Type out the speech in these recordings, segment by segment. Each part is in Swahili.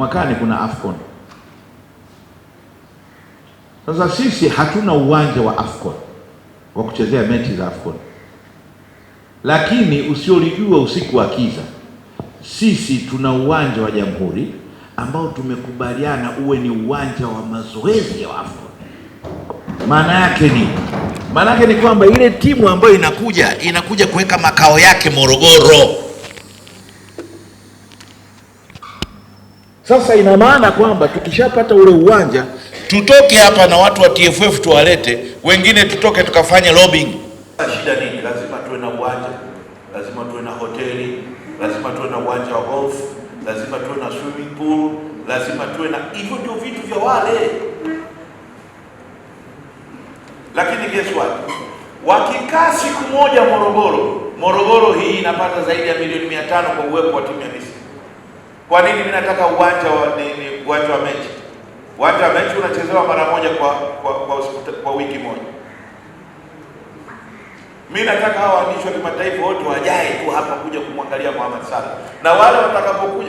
mwakani kuna AFCON. Sasa sisi hatuna uwanja wa AFCON wa kuchezea mechi za AFCON, lakini usiolijua usiku wa kiza, sisi tuna uwanja wa Jamhuri ambao tumekubaliana uwe ni uwanja wa mazoezi ya AFCON. Maana yake ni maana yake ni kwamba ile timu ambayo inakuja inakuja kuweka makao yake Morogoro. Sasa ina maana kwamba tukishapata ule uwanja tutoke hapa na watu wa TFF tuwalete, wengine tutoke tukafanye lobbying. Shida nini? Lazima tuwe na uwanja, lazima tuwe na hoteli, lazima tuwe na uwanja wa golf, lazima tuwe na swimming pool, lazima tuwe na hivyo, ndio vitu vya wale. Lakini guess what, wakikaa siku moja Morogoro, Morogoro hii inapata zaidi ya milioni mia tano kwa uwepo wa timu ya Misri. Kwa nini mimi nataka uwanja wa nini, uwanja wa mechi? Uwanja wa mechi unachezewa mara moja kwa kwa, kwa, kwa kwa wiki moja. Mimi nataka hawa waandishi wa kimataifa wote wajae tu hapa kuja kumwangalia Mohamed Salah, na wale watakapokuja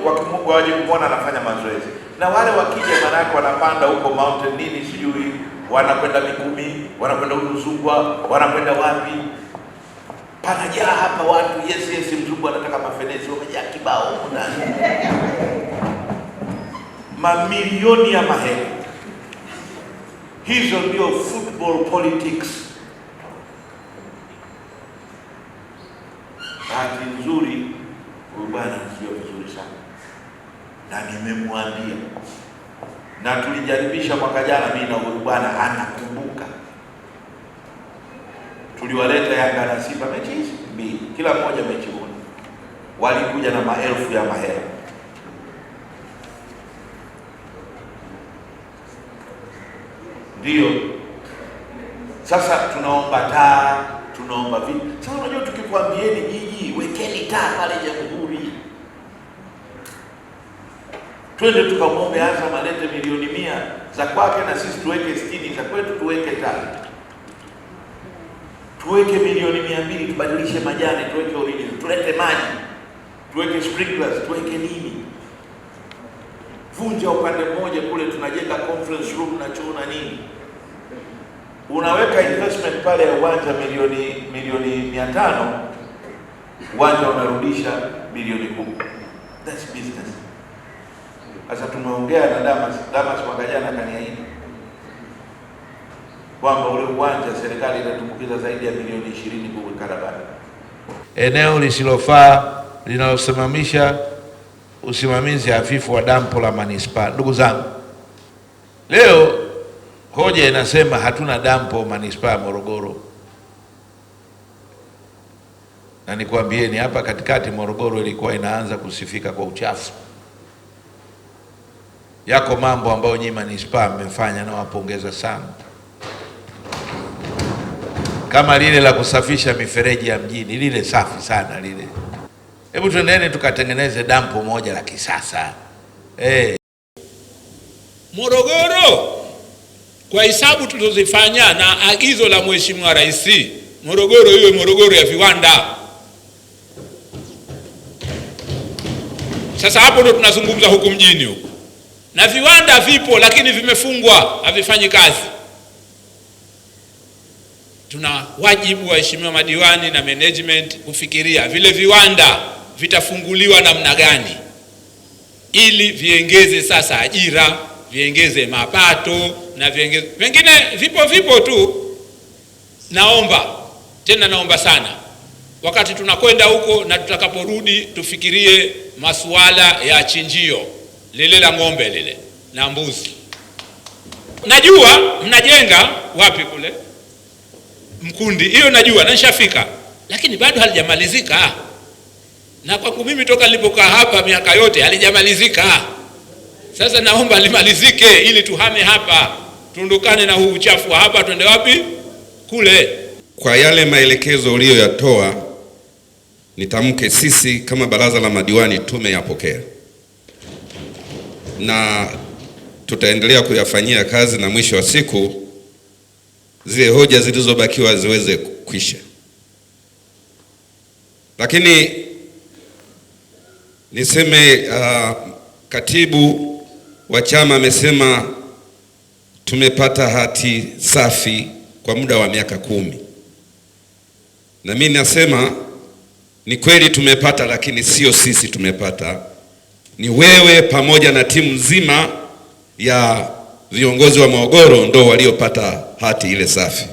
waje kumwona anafanya mazoezi, na wale wakija, maanake wanapanda huko mountain nini sijui, wanakwenda Mikumi, wanakwenda Udzungwa, wanakwenda wapi Panajaa hapa watu yes yes, mzungu anataka mafenezi, wamejaa kibao ndani, mamilioni ya mahela. Hizo ndio football politics. Bahati nzuri huyu bwana sio vizuri sana, na nimemwambia na tulijaribisha mwaka jana, mimi na huyu bwana tuliwaleta Yanga na Simba mechi hizi mbili, kila mmoja mechi moja, walikuja na maelfu ya mahela. Ndiyo sasa tunaomba taa, tunaomba vipi? Sasa unajua, tukikwambieni jiji wekeni taa pale Jamhuri, twende tukamwombe Azam alete milioni mia za kwake na sisi tuweke sitini za kwetu, tuweke taa tuweke milioni mia mbili tubadilishe majani, tuweke original, tulete maji, tuweke sprinklers, tuweke nini. Vunja upande mmoja kule, tunajenga conference room na choo na nini. Unaweka investment pale ya uwanja milioni milioni mia tano, uwanja unarudisha milioni kumi. That's business. Sasa tumeongea na Damas, Damas mwaka jana kaniahidi kwamba ule uwanja serikali inatumbukiza zaidi ya milioni ishirini kuukarabati. Eneo lisilofaa linalosimamisha usimamizi hafifu wa dampo la manispaa. Ndugu zangu, leo hoja inasema hatuna dampo manispaa Morogoro, na nikwambieni hapa katikati Morogoro ilikuwa inaanza kusifika kwa uchafu. Yako mambo ambayo nyinyi manispaa mmefanya, nawapongeza sana kama lile la kusafisha mifereji ya mjini, lile safi sana lile. Hebu tuendeni tukatengeneze dampo moja la kisasa hey. Eh. Morogoro kwa hisabu tulizozifanya na agizo la Mheshimiwa Rais, Morogoro iwe Morogoro ya viwanda. Sasa hapo ndo tunazungumza huku mjini huku, na viwanda vipo, lakini vimefungwa, havifanyi kazi tuna wajibu waheshimiwa madiwani na management kufikiria vile viwanda vitafunguliwa namna gani, ili viengeze sasa ajira, viengeze mapato na viengeze vingine. Vipo vipo tu. Naomba tena, naomba sana, wakati tunakwenda huko na tutakaporudi, tufikirie masuala ya chinjio lile la ng'ombe lile na mbuzi. Najua mnajenga wapi kule Mkundi, hiyo najua na nishafika, lakini bado halijamalizika. Na kwangu mimi toka nilipokaa hapa miaka yote halijamalizika. Sasa naomba limalizike ili tuhame hapa, tuondokane na huu uchafu wa hapa, twende wapi? Kule. Kwa yale maelekezo uliyoyatoa, nitamke sisi kama baraza la madiwani tumeyapokea na tutaendelea kuyafanyia kazi na mwisho wa siku zile hoja zilizobakiwa ziweze kwisha Lakini niseme uh, katibu wa chama amesema tumepata hati safi kwa muda wa miaka kumi, na mimi nasema ni kweli tumepata, lakini sio sisi tumepata, ni wewe pamoja na timu nzima ya viongozi wa Morogoro ndo waliopata hati ile safi.